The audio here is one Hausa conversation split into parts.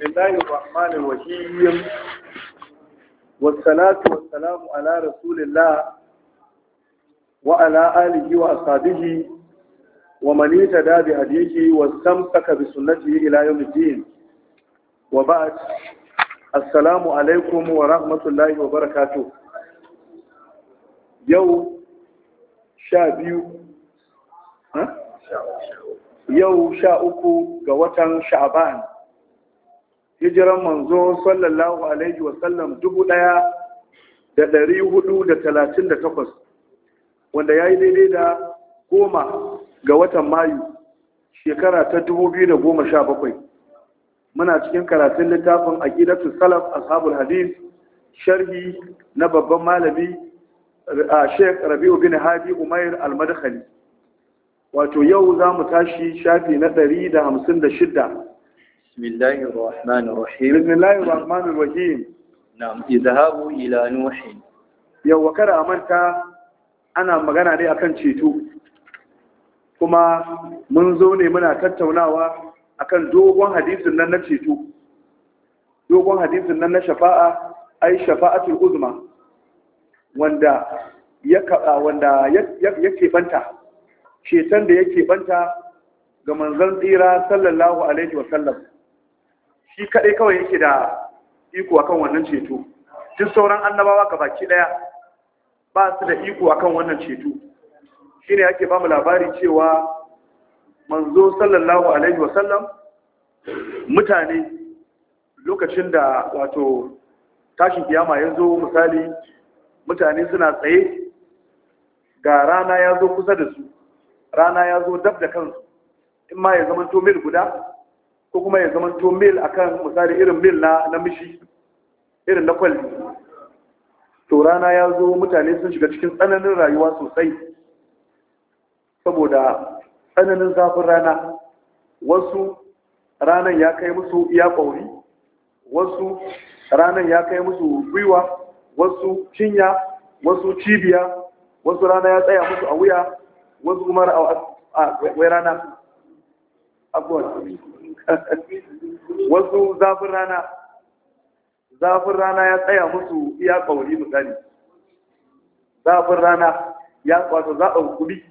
بسم الله الرحمن الرحيم والصلاة والسلام على رسول الله وعلى آله وأصحابه ومن اهتدى بهديه واستمسك بسنته إلى يوم الدين وبعد السلام عليكم ورحمة الله وبركاته يوم شابيو ها؟ yau sha uku ga watan sha'aban hijiran manzo sallallahu alaihi wasallam dubu ɗaya da ɗari hudu da talatin da takwas wanda ya yi daidai da goma ga watan mayu shekara ta dubu biyu da goma sha bakwai muna cikin karatun littafin aƙidatu salaf ashabul hadis sharhi na babban malami a sheik rabi'u bin hadi umair al-madkhali wato yau za mu tashi shafi na ɗari da hamsin da shidda بسم الله الرحمن الرحيم بسم الله الرحمن الرحيم نعم اذهبوا إلى نوح yau wa kada manta ana magana ne akan ceto kuma mun zo ne muna tattaunawa akan dogon hadisin nan na ceto dogon hadisin nan na shafa'a ai shafa'atul uzma wanda ya kaba wanda ya keɓanta ceton da ya banta, ga manzon tsira sallallahu alaihi wa sallam shi kaɗai kawai yake da iko akan wannan ceto duk sauran annabawa ga baki ɗaya ba su da iko akan wannan ceto shi ne ake ba mu labari cewa manzo sallallahu alaihi wasallam mutane lokacin da wato tashin kiyama ya zo misali mutane suna tsaye ga rana ya zo kusa da su rana ya zo dab da kansu in ma ya zama to mil guda ko kuma ya zama to mil kan misali irin mil na na irin na kwalli to rana ya zo mutane sun shiga cikin tsananin rayuwa sosai saboda tsananin zafin rana wasu ranan ya kai musu iya ƙauri wasu ranan ya kai musu gwiwa wasu cinya wasu cibiya wasu rana ya tsaya musu a wuya wasu kuma a wai rana abuwa wasu zafin rana zafin rana ya tsaya musu iya kawari misali zafin rana ya wato zaɓar gumi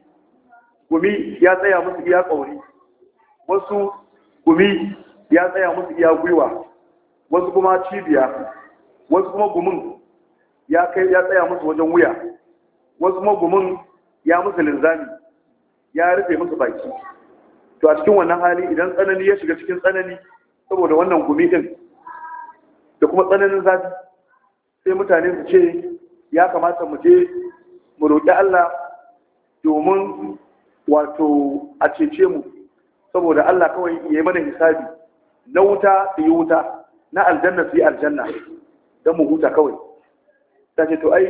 gumi ya tsaya musu iya kawari wasu gumi ya tsaya musu iya gwiwa wasu kuma cibiya wasu kuma gumin ya kai ya tsaya musu wajen wuya wasu kuma gumin ya musu linzami ya rufe musu baki to a cikin wannan hali idan tsanani ya shiga cikin tsanani saboda wannan gumi din da kuma tsananin zafi sai mutane su ce ya kamata mu je mu roƙi Allah domin wato a cece mu saboda Allah kawai ya yi mana hisabi na wuta su yi wuta na aljanna su yi aljanna don mu huta kawai ta ce to ai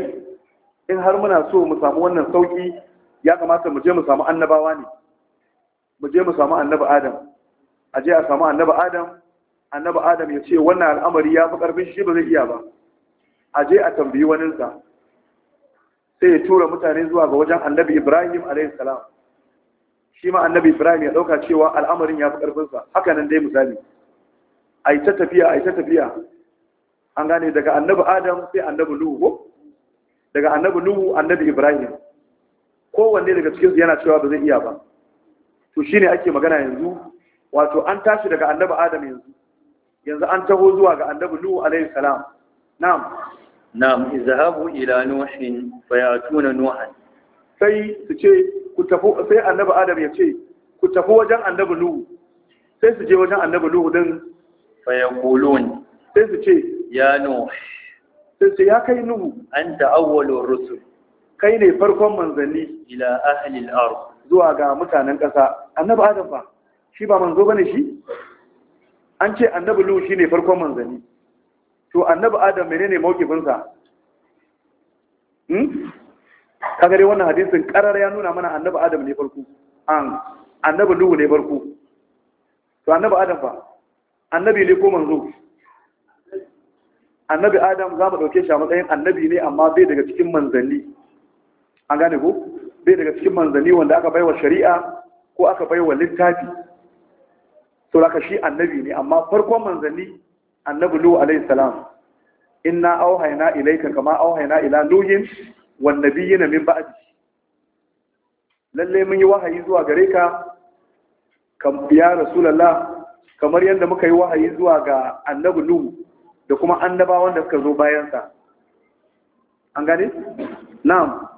in har muna so mu samu wannan sauki ya kamata mu je mu samu annabawa ne mu je mu samu annabi adam a je a samu annabi adam annabi adam ya ce wannan al'amari ya fi ƙarfin shi ba zai iya ba a je a tambayi waninsa sai ya tura mutane zuwa ga wajen annabi ibrahim alaihissalam shi ma annabi ibrahim ya ɗauka cewa al'amarin ya fi ƙarfinsa haka nan dai misali a yi ta tafiya a yi ta tafiya an gane daga annabi adam sai annabi nuhu daga annabi nuhu annabi ibrahim kowanne daga cikinsu yana cewa ba zai iya ba to shine ake magana yanzu wato an tashi daga annabi adam yanzu yanzu an taho zuwa ga annabi nuhu alayhi salam na'am na'am izhabu ila nuhin fayatuna nuhan sai su ce ku tafi sai annabi adam ya ce ku tafi wajen annabi nuhu sai su je wajen annabi nuhu din fayaqulun sai su ce ya nuh sai su ya kai nuhu anta awwalur rusul kai ne farkon manzanni ila ahli al-ard zuwa ga mutanen ƙasa annabi adam ba shi ba manzo bane shi an ce annabi lu shine farkon manzani to annabi adam menene sa hmm kaga dai wannan hadisin karar ya nuna mana annabi adam ne farko an annabi lu ne farko to annabi adam ba annabi ne ko manzo annabi adam za mu dauke shi a matsayin annabi ne amma bai daga cikin manzanni an gane ko bai daga cikin manzanni wanda aka baiwa shari'a ko aka baiwa littafi sauraka shi annabi ne amma farkon manzanni annabi lu alayhi salam inna auhayna ilayka kama auhayna ila nuhin wan nabiyina min ba'di lalle mun yi wahayi zuwa gare ka kam ya rasulullah kamar yadda muka yi wahayi zuwa ga annabi lu da kuma annabawan da suka zo bayansa. sa an gane na'am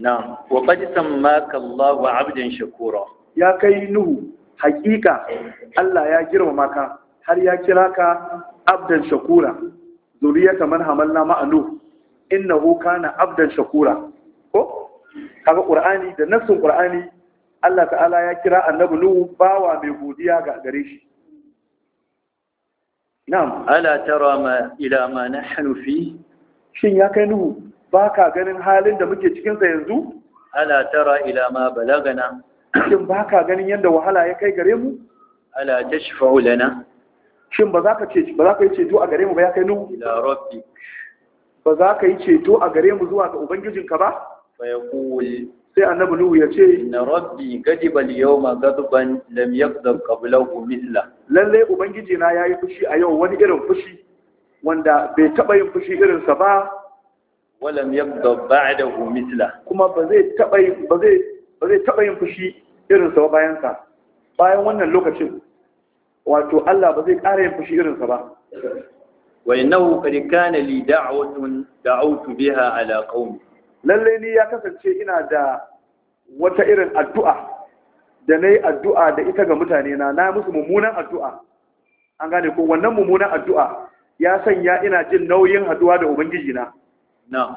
na'am wa qad sammaka Allahu 'abdan shakura ya kai nuhu Haƙiƙa Allah ya girmama ka har ya kira ka abdan shakura zuriyata man hamalna ma'anu innahu na abdan shakura ko kaga qur'ani da nassin ƙur'ani Allah ta'ala ya kira annabi nuhu bawa mai godiya ga gare shi na'am ala ma ila ma nahnu shin ya kai nuhu ba ka ganin halin da muke cikinsa yanzu? Ala tara ila ma balagana. Shin ba ka ganin yadda wahala ya kai gare mu? Ala ta shifa'u lana. Shin ba za ka ce ba za ka yi ceto a gare mu ba ya kai nu? Ila rabbi. Ba za ka yi ceto a gare mu zuwa ga Ubangijinka ba? Fa ya sai annabi nuhu ya ce inna rabbi gadiba al-yawma ghadban lam yaghdab qablahu mithla lalle ubangijina ya yayi fushi a yau wani irin fushi wanda bai taba yin fushi irin sa ba walam yabda ba'dahu mithla kuma ba zai taba ba zai ba zai taba yin fushi irin sa bayan sa bayan wannan lokacin wato Allah ba zai ƙara yin fushi irin sa ba wa innahu qad kana li da'watun da'awtu biha ala qaumi lalle ni ya kasance ina da wata irin addu'a da nayi addu'a da ita ga mutane na na musu mummunan addu'a an gane ko wannan mummunan addu'a ya sanya ina jin nauyin haduwa da ubangiji na na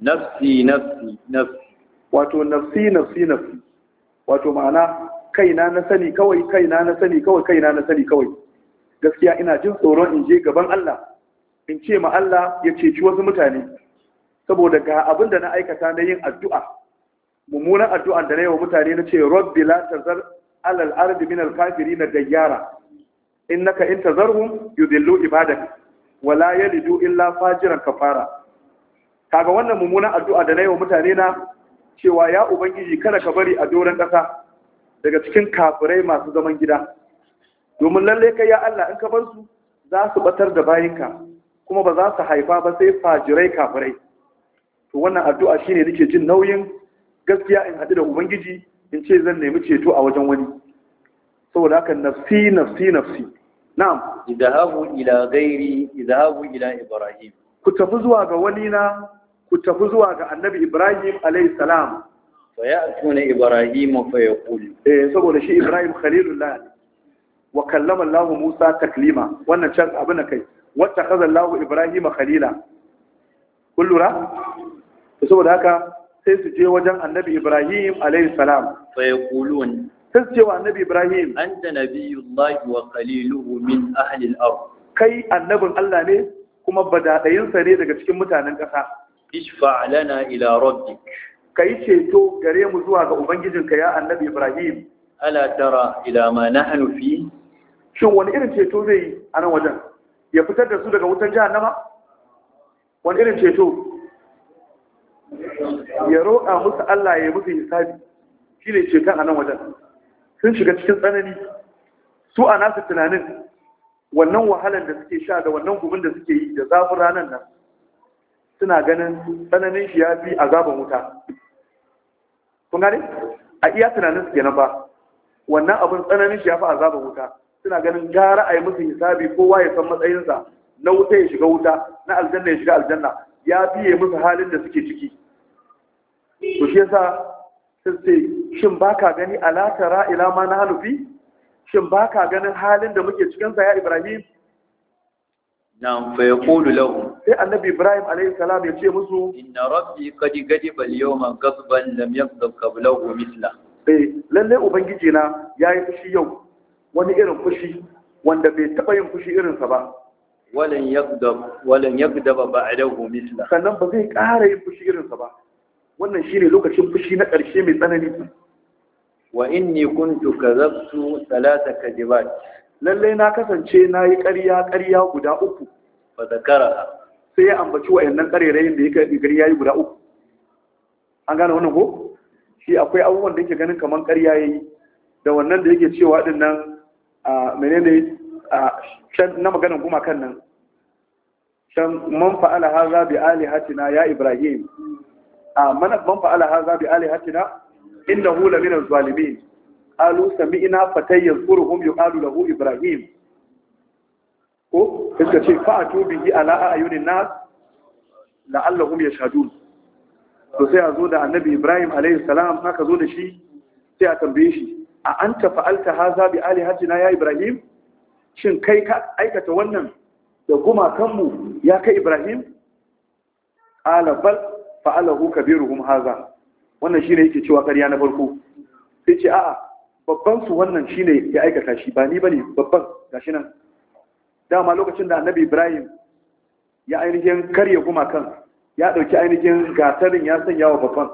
nafsi nafsi nafsi wato nafsi nafsi nafsi wato ma'ana kaina na sani kawai kaina na sani kawai kaina na sani kawai gaskiya ina jin tsoron in je gaban Allah in ce ma Allah ya ceci wasu mutane saboda ga abin da na aikata na yin addu'a mummunan addu'an da na yi wa mutane na ce rabbi la tazar alal ardi min alkafiri na gayyara innaka in tazarhum yudillu ibadak wala yalidu illa fajiran kafara kaga wannan mummunan addu'a da na yi wa mutane na cewa ya ubangiji kada ka bari a doron ƙasa daga cikin kafirai masu zaman gida domin lalle kai ya Allah in ka bar su za su batar da bayinka kuma ba za su haifa ba sai fajirai kafirai to wannan addu'a shine nake jin nauyin gaskiya in haɗu da ubangiji in ce zan nemi ceto a wajen wani saboda haka nafsi nafsi nafsi na'am idhabu ila ghairi idhabu ila ibrahim ku tafi zuwa ga wani na ku tafi zuwa ga annabi Ibrahim alayhi salam ya ya'tuna Ibrahim fa yaqul eh saboda shi Ibrahim khalilullah wa kallama Allah Musa taklima wannan can abin da kai wata kaza Allah Ibrahim khalila kun lura saboda haka sai su je wajen annabi Ibrahim alayhi salam fa yaqulun sai su ce wa annabi Ibrahim anta nabiyullahi wa khaliluhu min ahli al-ard kai annabin Allah ne kuma badadayinsa ne daga cikin mutanen ƙasa ishfa lana ila rabbik kai ceto gare mu zuwa ga ubangijinka ya annabi ibrahim ala tara ila ma nahnu fi shin wani irin ceto zai yi a nan wajen ya fitar da su daga wutar jahannama wani irin ceto ya roƙa musu Allah ya yi musu hisabi shi ne ceton a nan wajen sun shiga cikin tsanani su a nasu tunanin wannan wahalar da suke sha da wannan gumin da suke yi da zafin ranar nan suna ganin tsananin shi ya fi azabar wuta kun gane a iya tunanin su kenan ba wannan abin tsananin shi ya fi azaban wuta suna ganin gara a yi musu hisabi kowa ya san matsayinsa na wuta ya shiga wuta na aljanna ya shiga aljanna ya biye musu halin da suke ciki to shi yasa sun ce shin baka gani alatara ila ma na halufi shin baka ganin halin da muke cikinsa ya ibrahim Na'am fa yaqulu lahum sai annabi Ibrahim alayhi salam ya ce musu inna rabbi qad ghadiba al-yawma ghadban lam yaghdab qablahu mithla eh lalle ubangiji na yayi fushi yau wani irin fushi wanda bai taba yin fushi irin sa ba walan yaghdab walan yaghdab ba'dahu mithla sannan ba zai ƙara yin fushi irin sa ba wannan shine lokacin fushi na ƙarshe mai tsanani wa inni kuntu kadhabtu thalatha kadibat lallai na kasance na yi ƙarya ƙarya guda uku ba zakara sai ya ambaci wa'annan ƙarerayin da ya gari ya yi guda uku an gane wannan ko shi akwai abubuwan da yake ganin kamar ƙarya ya yi da wannan da yake cewa ɗin nan a menene na maganin kan nan can man fa'ala haza bi alihatina ya ibrahim a man fa'ala haza bi alihatina innahu lamina zalimin qalu sami'na fatayyan qurhum yuqalu lahu ibrahim ko suka ce fa'atu bihi ala ayunin nas la'allahum yashhadun to sai a zo da annabi ibrahim alayhi salam haka zo da shi sai a tambaye shi a an anta fa'alta haza bi alihatina ya ibrahim shin kai ka aikata wannan da gumakanmu ya kai ibrahim qala bal fa'alahu kabiruhum haza wannan shi ne yake cewa ƙarya na farko sai ce a'a babban su wannan shine ya aikata shi ba ni bane babban gashi nan dama lokacin da annabi ibrahim ya ainihin karya gumakan ya dauki ainihin gasarin ya sanya wa babban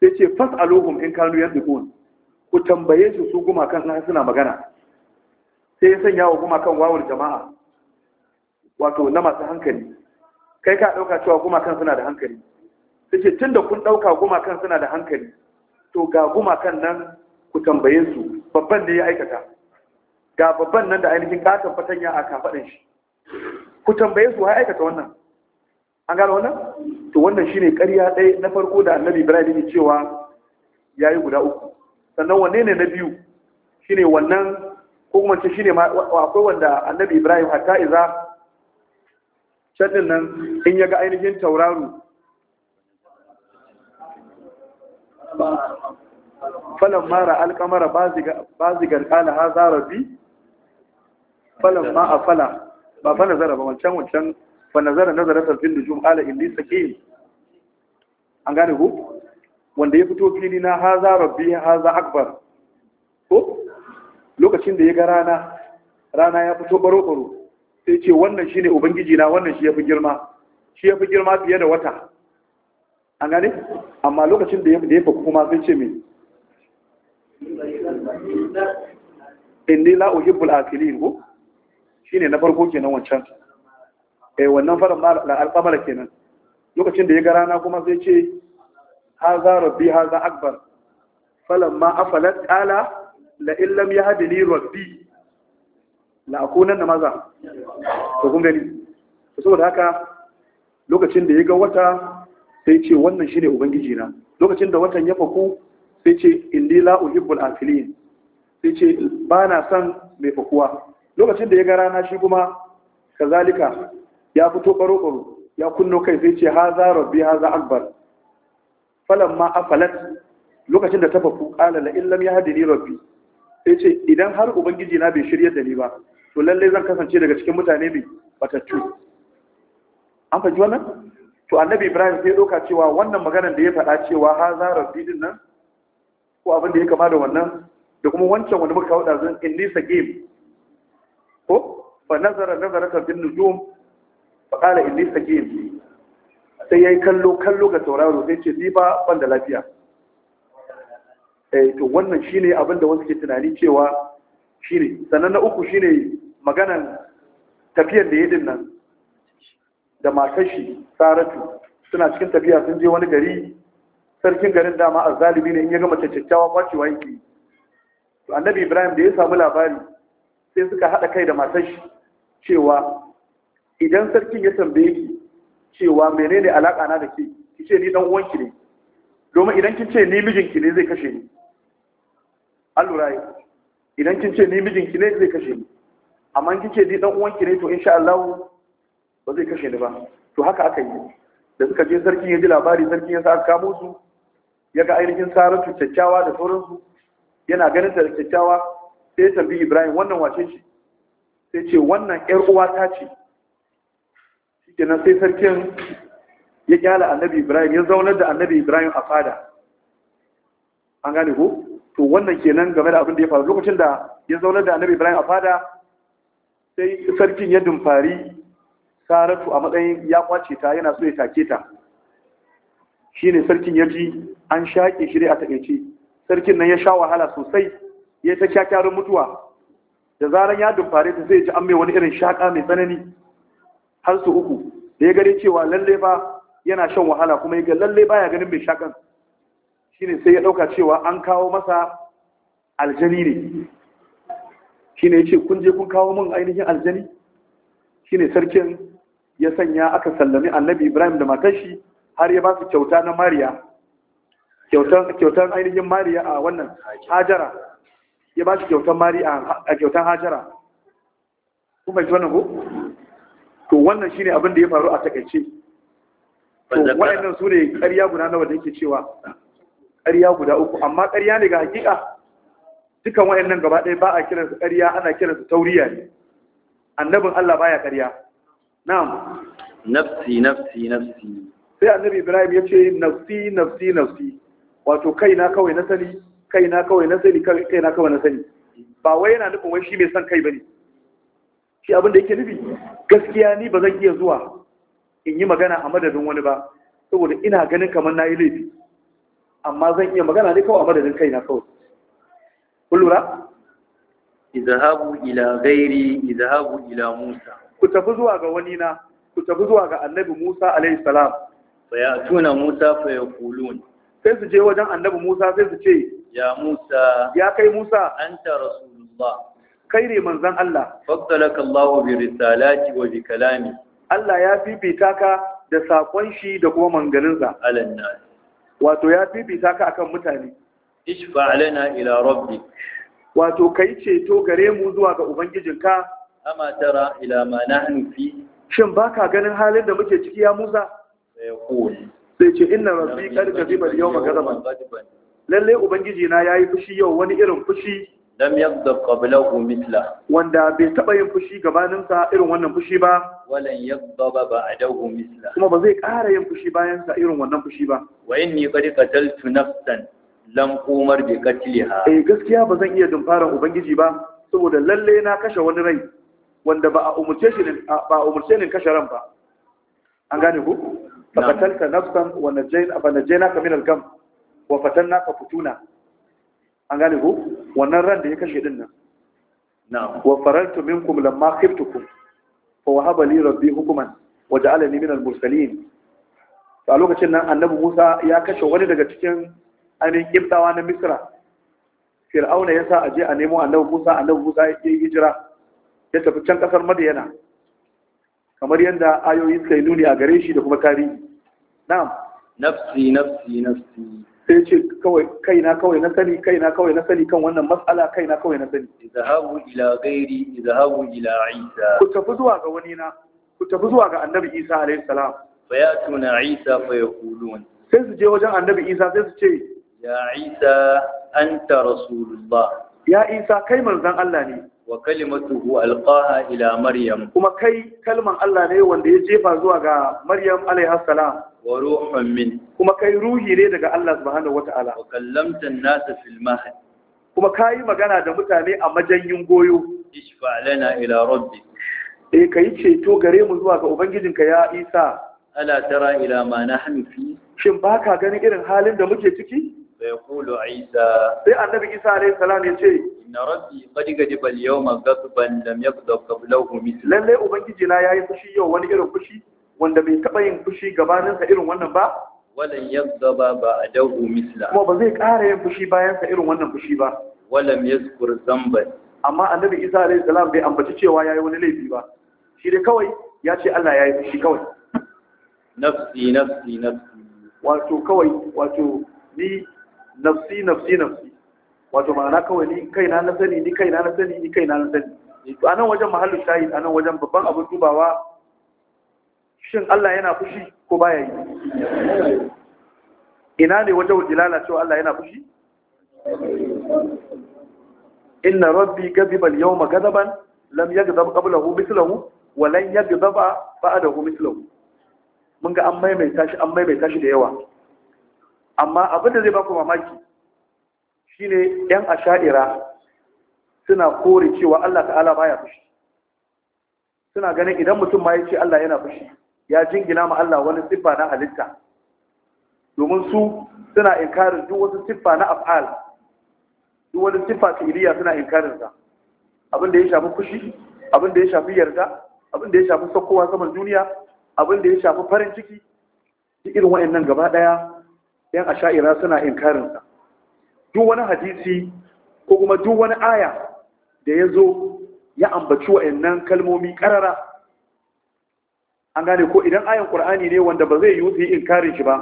sai ce fas aluhum in kanu yadqun ku tambaye su su gumakan sun suna magana sai ya sanya wa gumakan wawar jama'a wato na masu hankali kai ka dauka cewa gumakan suna da hankali sai ce tunda kun dauka gumakan suna da hankali to ga gumakan nan ku tambaye su babban ne ya aikata ga babban nan da ainihin katon fatanya a kafaɗin shi ku tambaye su ya aikata wannan an gano wannan to wannan shine ƙarya ɗaya na farko da annabi ibrahim ne cewa ya yi guda uku sannan wanne ne na biyu shine wannan ko kuma ce shine akwai wanda annabi ibrahim hatta iza shaɗin nan in ya ga ainihin tauraro falan mara alkamara zigar kala ha bi? falan ma a fala ba fa nazara ba wancan wancan fa nazara nazara sarfin nujum ala inni yi. an gane ku? wanda ya fito fili na ha bi ha za akbar ko lokacin da ya ga rana rana ya fito baro-baro sai ce wannan shine ubangiji na wannan shi ya fi girma shi ya fi girma fiye da wata an gane amma lokacin da ya fi kuma sai ce mai inni la uhibbul afilin ko shine na farko kenan wancan eh wannan faran da alqamara kenan lokacin da ya ga rana kuma sai ce haza rabbi haza akbar ma afalat ala la in lam yahdini rabbi la na maza to kun gani saboda haka lokacin da ya ga wata sai ce wannan shine ubangiji na lokacin da watan ya faku sai ce inni la uhibbul afilin sai ce ba na son mai fakuwa lokacin da ya ga rana shi kuma kazalika ya fito ɓaro ɓaro ya kunno kai sai ce haza rabbi haza akbar a afalat lokacin da ta fafu qala la ya hadini rabbi sai ce idan har ubangiji na bai shirya da ni ba to lallai zan kasance daga cikin mutane mai batattu an fahimci wannan to annabi ibrahim sai ɗauka cewa wannan maganar da ya faɗa cewa haza rabbi din nan ko abin da ya kama da wannan da kuma wancan wani muka hauɗa zan nisa game ko fa nazara nazaratan bin nujum fa in nisa game sai yayi kallo kallo ga tauraro sai ce ni ba ban da lafiya eh to wannan shine abin da wasu ke tunani cewa shine sannan na uku shine maganan tafiyar da yadin nan da matar shi saratu suna cikin tafiya sun je wani gari sarkin garin dama a ne in ya gama caccawa kwacewa yake to annabi ibrahim da ya samu labari sai suka haɗa kai da matar shi cewa idan sarkin ya tambaye ki cewa menene alaƙa na da ke ki ce ni dan uwanki ne domin idan kin ce ni mijinki ne zai kashe ni Al'ura lura yi idan kin ce ni mijinki ne zai kashe ni amma kin ce ni dan uwanki ne to insha Allah ba zai kashe ni ba to haka aka yi da suka je sarkin ya ji labari sarkin ya sa kamo su ya ga ainihin saratu kyakkyawa da sauransu yana ganin ta da kyakkyawa sai tambayi ibrahim wannan wace ce sai ce wannan yar uwa ta ce shikenan sai sarkin ya kyala annabi ibrahim ya zaunar da annabi ibrahim a fada an gane ko to wannan kenan game da abin da ya faru lokacin da ya zaunar da annabi ibrahim a fada sai sarkin ya dumfari saratu a matsayin ya kwace ta yana so ya take ta shine sarkin ya ji an shaƙe shi a takaice sarkin nan ya sha wahala sosai ya ta kyakyarin mutuwa da zaran ya dumfare ta zai ji an mai wani irin shaƙa mai tsanani har su uku da ya gare cewa lalle ba yana shan wahala kuma ya ga lalle ba ya ganin mai shaƙan shine sai ya ɗauka cewa an kawo masa aljani ne shine ya ce kun je kun kawo min ainihin aljani shine sarkin ya sanya aka sallami annabi ibrahim da matashi har ya ba su kyauta na mariya kyautan ainihin mariya a wannan hajara ya ba shi kyautan mariya a kyautan hajara kun fahimci wannan ko to wannan shine abin da ya faru a takaice to wayannan su ne ƙarya guda nawa da yake cewa ƙarya guda uku amma ƙarya ne ga hakika dukan wayannan gaba ɗaya ba a kiransu ƙarya ana kiransu tauriya ne annabin Allah baya ƙarya na'am nafsi nafsi nafsi sai annabi Ibrahim ya ce nafsi nafsi nafsi wato kaina kawai na sani kaina kawai na sani kaina kawai na sani ba wai yana nufin wai shi mai son kai bane shi abin da yake nufi gaskiya ni ba zan iya zuwa in yi magana a madadin wani ba saboda ina ganin kamar na yi laifi amma zan iya magana ne kawai a madadin kaina kawai kun lura izhabu ila ghairi izhabu ila musa ku tafi zuwa ga wani na ku tafi zuwa ga annabi musa alaihi salam fa ya tuna musa fa yaqulun sai su je wajen annabi Musa sai su ce ya Musa ya kai Musa anta rasulullah kai ne manzon Allah faddalaka Allah bi risalati wa bi kalami Allah ya fifita ka da sakon shi da kuma manganinsa alan wato ya fifita ka akan mutane ishfa alana ila rabbi. wato kai ceto gare mu zuwa ga ubangijinka ama tara ila ma nahnu fi shin baka ganin halin da muke ciki ya Musa sai sai ce inna rabbi qad kadiba al-yawma ghadaban lalle ubangiji na yayi fushi yau wani irin fushi lam yaghdab qablahu mithla wanda bai taba yin fushi gabanin sa irin wannan fushi ba walan a ba'dahu mithla kuma ba zai ƙara yin fushi bayan sa irin wannan fushi ba wa inni qad qataltu nafsan lam umar bi qatliha eh gaskiya ba zan iya dumfarar ubangiji ba saboda lalle na kashe wani rai wanda ba a umurce shi ba umurce ni kashe ran ba an gane ku faqatalta nafsan wa najayna fa najaynaka min al-gam wa fatannaka futuna an wannan ran da ya kashe din nan na'am wa faraltu minkum lamma khiftukum fa wahaba li rabbi hukuman wa ja'alani min al-mursalin to a lokacin nan annabi Musa ya kashe wani daga cikin ainihin kibtawa na Misra Fir'auna ya sa aje a nemo annabi Musa annabi Musa ya hijira ya tafi can kasar Madiyana kamar yadda ayoyi suka yi nuni a gare shi da kuma tarihi Na. nafsi nafsi nafsi sai ce kawai na kawai na sani kai na kawai na sani kan wannan matsala na kawai na sani izhabu ila ghairi izhabu ila isa ku tafi zuwa ga wani na ku tafi zuwa ga annabi isa alayhi salam fa yatuna isa fa yaqulun sai su je wajen annabi isa sai su ce ya isa anta rasulullah ya isa kai manzon Allah ne wa kalimatuhu alqaha ila maryam kuma kai kalman Allah ne wanda ya jefa zuwa ga maryam alaiha salam wa ruhun min kuma kai ruhi ne daga Allah subhanahu wataala wa kallamta an-nasa fil mahd kuma kai magana da mutane a majanyin goyo ishfa lana ila rabbi eh kai ceto gare mu zuwa ga ubangijinka ya Isa ala tara ila ma nahnu fi shin baka ganin irin halin da muke ciki sai yaqulu Isa sai annabi Isa alaihi salam ya ce inna rabbi qad gadiba al-yawma ghadban lam yaghdab qablahu mithl lalle ubangiji na yayi fushi yau wani irin fushi wanda bai taba yin fushi gabanin sa irin wannan ba walan yaghdaba ba'dahu mithla kuma ba zai ƙara yin fushi bayan sa irin wannan fushi ba walam yazkur dhanban amma annabi Isa alayhi salam bai ambaci cewa yayi wani laifi ba shi dai kawai ya ce Allah yayi fushi kawai nafsi nafsi nafsi wato kawai wato ni nafsi nafsi nafsi wato ma'ana kawai ni kaina na sani ni kaina na sani ni kaina na sani to anan wajen mahallin shahid anan wajen babban abin dubawa shin Allah yana fushi ko baya yi ina ne wajen dilala cewa Allah yana fushi inna rabbi gadiba al-yawma gadaban lam yaghdab qablahu mithluhu wa lan yaghdaba ba'dahu mithluhu mun ga an maimaita shi an maimaita shi da yawa amma abin da zai ba ku mamaki shine yan asha'ira suna kore cewa Allah ta'ala baya fushi suna ganin idan mutum ma ya ce Allah yana fushi ya jingina ma Allah wani siffa na halitta domin su suna inkarin duk wasu siffa na af'al duk wani siffa fi'iliya suna inkarin sa abin da ya shafi fushi abin da ya shafi yarda abin da ya shafi sakkowa saman duniya abin da ya shafi farin ciki duk irin wa'annan gaba daya yan asha'ira suna inkarin sa duk wani hadisi ko kuma duk wani aya da ya zo ya ambaci wa'annan kalmomi karara an gane ko idan ayan qur'ani ne wanda ba zai yi in inkarin shi ba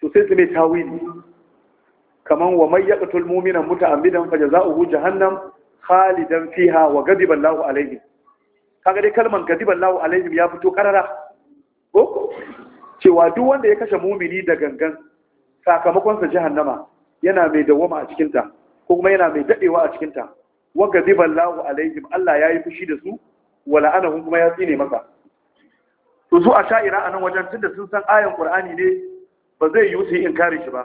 to sai su mai tawili kaman wa may yaqtul mu'mina muta'ammidan fajaza'uhu jahannam khalidan fiha wa ghadiba Allahu alayhi kaga dai kalman ghadiba Allahu alayhi ya fito karara ko cewa duk wanda ya kashe mumini da gangan sakamakon sa jahannama yana mai dawama a cikinta ko kuma yana mai dadewa a cikinta wa gadiba lahu alaihim Allah ya yi fushi da su wala hun kuma ya tsine maka to su sha'ira anan wajen tunda sun san ayan Qur'ani ne ba zai yi su inkari shi ba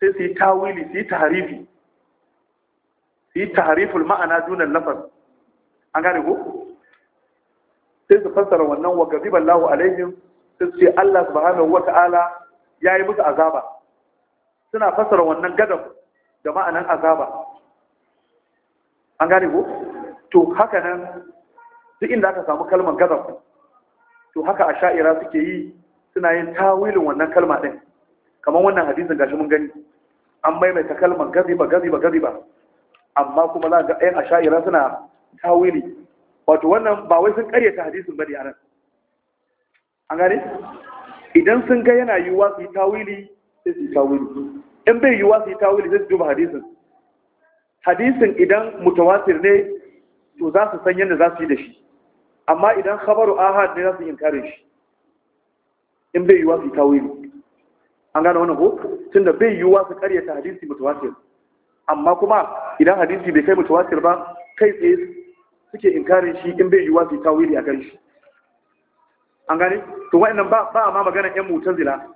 sai su yi tawili su yi tahrifi su yi tahriful ma'ana dunan lafaz an gane ko sai su fassara wannan wa gadiba lahu alaihim sai su ce Allah subhanahu wata'ala yayi musu azaba suna fasara wannan gadab da ma'anan azaba an gane ko to haka nan duk inda aka samu kalmar gadab to haka a sha'ira suke yi suna yin tawilin wannan kalma ɗin kamar wannan hadisin gashi mun gani an maimaita kalmar gaziba gaziba gaziba amma kuma za ga ɗayan a sha'ira suna tawili wato wannan ba wai sun karyata hadisin bane a nan an gane idan sun ga yana yiwuwa su yi tawili sai su yi tawili in bai yiwuwa su yi tawili sai su duba hadisin hadisin idan mutawatir ne to za su san yadda za su yi da shi amma idan khabaru ahad ne za su inkare shi in bai yiwuwa su yi tawili an gane wannan ko tunda bai yiwuwa su karyata hadisi mutawatir amma kuma idan hadisi bai kai mutawatir ba kai tsaye suke inkarin shi in bai yiwuwa su yi tawili a kan shi an gane to wa'annan ba ba ma magana yan mutazila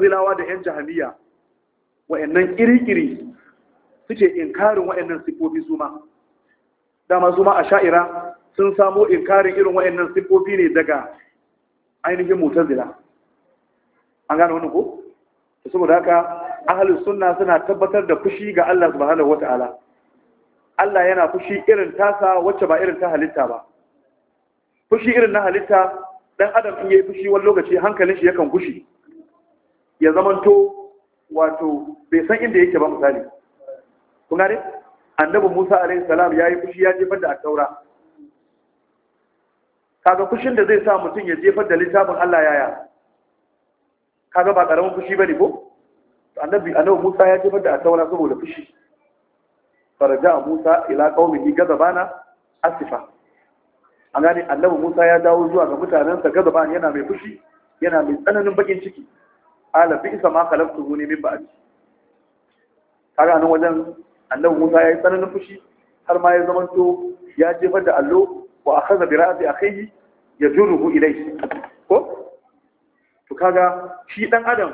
Zilawa da yan jahamiya wa'annan kirikiri suke inkarin wa'annan sifofi su ma dama su ma a sha'ira sun samo inkarin irin wa'annan sifofi ne daga ainihin mutazila an gane wani ko saboda haka ahalin sunna suna tabbatar da fushi ga Allah subhanahu wata'ala Allah yana fushi irin tasa wacce ba irin ta halitta ba fushi irin na halitta ɗan adam in yi fushi wani lokaci hankalin shi yakan gushi ya zamanto wato bai san inda yake ba misali kun gane annabi Musa alaihi salam yayi fushi ya jefar da attaura. kaga fushin da zai sa mutum ya jefar da littafin Allah yaya kaga ba karamin fushi bane ko annabi annabi Musa ya jefar da attaura saboda fushi faraja Musa ila qaumihi gazabana asifa an gane annabi Musa ya dawo zuwa ga mutanensa gazabana yana mai fushi yana mai tsananin bakin ciki ala bi isa ma khalaqtuhu ni min ba'di kaga nan wajen annabi Musa yayi tsananin fushi har ma ya zamanto ya jefar da allo wa akhadha bi ra'si akhihi yajuruhu ilayhi ko to kaga shi dan adam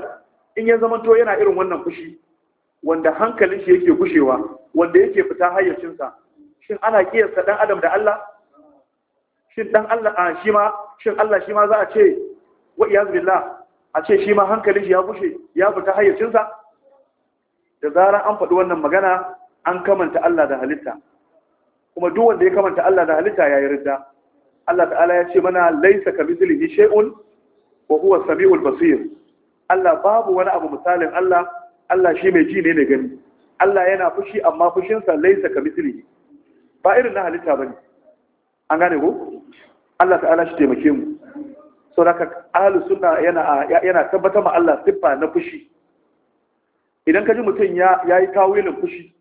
in ya zamanto yana irin wannan fushi wanda hankalin shi yake gushewa wanda yake fita hayyacinsa shin ana kiyasta dan adam da Allah shin dan Allah a shi ma shin Allah shi ma za a ce wa iyaz billah a ce shi ma hankalin shi ya bushe ya fita hayyacinsa da zarar an faɗi wannan magana an kamanta Allah da halitta kuma duk wanda ya kamanta Allah da halitta ya yi ridda Allah ta'ala ya ce mana laisa ka mithlihi shay'un wa huwa samiul basir Allah babu wani abu misalin Allah Allah shi mai ji ne ne gani Allah yana fushi amma fushinsa laisa ka mithlihi ba irin na halitta bane an gane ko Allah ta'ala shi taimake mu sauraka da sunna yana yana tabbatar ma Allah siffa na fushi idan ka ji mutum ya yi kawilin fushi